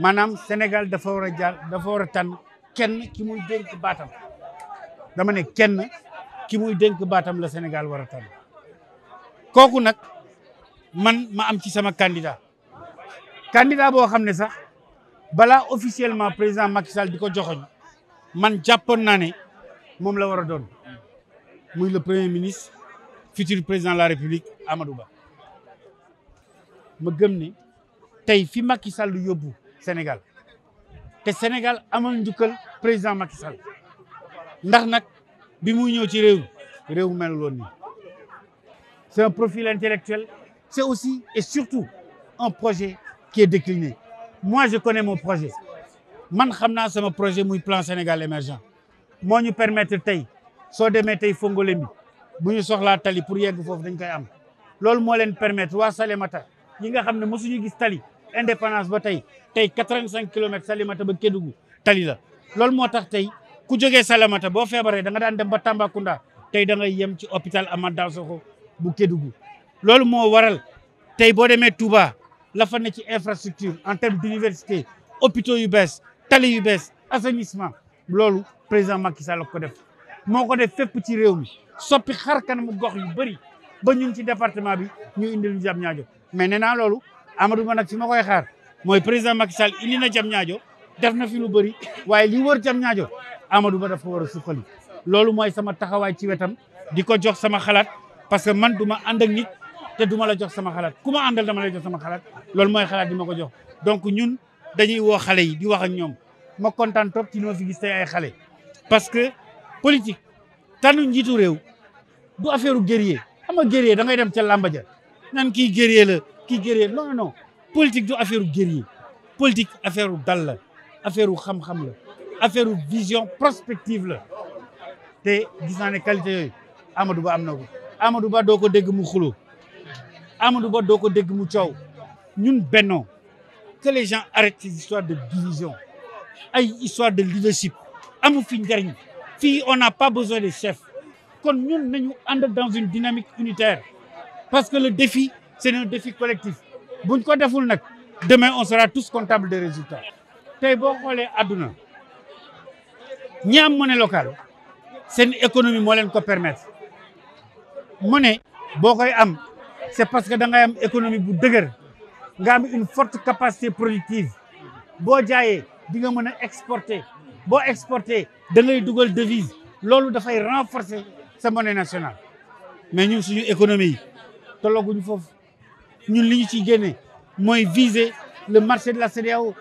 manam Senegal dafa wara a jaar dafa wara tan kenn ki muy denk batam dama ne kenn ki muy denk batam la Senegal wara tan koku nak man ma am ci sama candidat candidat bo xamne ma sax bala officiellement président Macky Sall diko ko man jappon na ne mom la wara don muy le premier ministre futur président de la République Amadou Ba ma gem ne tay fi Macky Sall yobou Sénégal te Sénégal amal le président Macky Sall ndax nag bi muy ñëw ci c'est un profil intellectuel c'est aussi et surtout un projet qui est décliné moi je connais mon projet man xam naa sama projet muy plan Sénégal émergent Je ñu permettre tey soo demee tey Fongolembi bu ñu la tali pour yegg foofu dañ koy am loolu moo leen permettre waa Salémata ñi nga xam ne gis tali indépendance ba tay tay 85 km salimata ba kédugu tali la lol moo tax ku jógee salimata bo feebaree da nga dan dem ba tambakunda tay da nga yem ci hôpital amad dansoko bu kédugu lol mo waral tay bo démé touba la fa né ci infrastructure en terme d'université hôpitaux yu bess tali yu bess assainissement loolu président Macky Sall ko def moko def fep ci réew mi soppi xar kanamu gox yu bari ba ñun ci département bi ñu indi lu jam ñaajo mais néna lolou Amadou Ba nag fi ma koy xaar mooy président Macky Sall indi na jam ñaajo def na fi lu bëri waaye li wër jam ñaajo Amadou ma dafa war a suqali loolu mooy sama taxawaay ci wetam di ko jox sama xalaat parce que man du ma ànd ak nit te du ma la jox sama xalaat ku ma àndal dama lay jox sama xalaat loolu mooy xalaat di ma ko jox donc ñun dañuy woo xale yi di wax ak ñoom ma kontaan trop ci li ma fi gis tey ay xale parce que politique tànnu njiitu réew du affaire u guerrier xam nga da ngay dem ca làmba ja nan kii guerrier la qui guerrier non non politique du affaire guerrier politique affaire dal affaire xam-xam la affaire vision prospective la te les qualités, ne qualité Amadou Ba am na Amadou Ba Doko ko Amadou Ba Doko que les gens arrêtent ces histoires de division ay histoire de leadership amu fi dernier. on n'a pas besoin de chefs kon nous, nous ànd dans une dynamique unitaire parce que le défi c'est un défi collectif buñ ko demain on sera tous comptables des résultats tey boo xoolee àdduna ñi une monnaie locale C'est une économie qui nous ko permettre monnaie am c'est parce que da ngay une économie bu dëgër nga une forte capacité productive boo jaayee di nga exportée, a exporter une exporter da ngay devises, devise loolu dafay renforcer sa monnaie nationale mais nous, c'est une économie nous li viser le marché de la CDAO,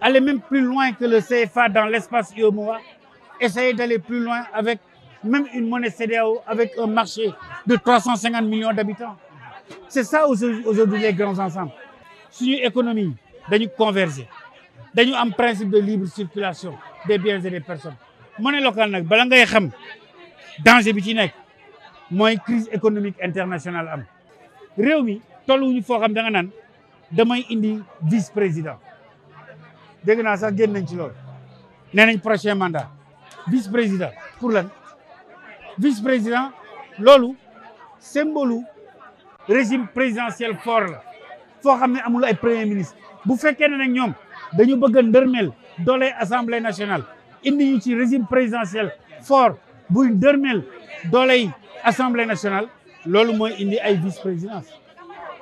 aller même plus loin que le CFA dans l'espace IOMOA. essayer d'aller plus loin avec même une monnaie CDAO, avec un marché de 350 millions d'habitants c'est ça aujourd'hui les grands ensembles suñu économie dañu converger avons am principe de libre circulation des biens et des personnes monnaie locale nag danger bi ci crise économique internationale am tolluwuñu foo xam da nga naan damay indi vice président dégg naa sax génn nañ ci loolu nee nañ prochain mandat vice président pour lan vice président loolu symbole régime présidentiel foor la foo xam ne amul ay premier ministre bu fekkee ne nag ñoom dañu bëgg a ndërmeel doole assemblée nationale indi ñu ci régime présidentiel fort buy ndërmeel dooley assemblée nationale loolu mooy indi ay vice présidence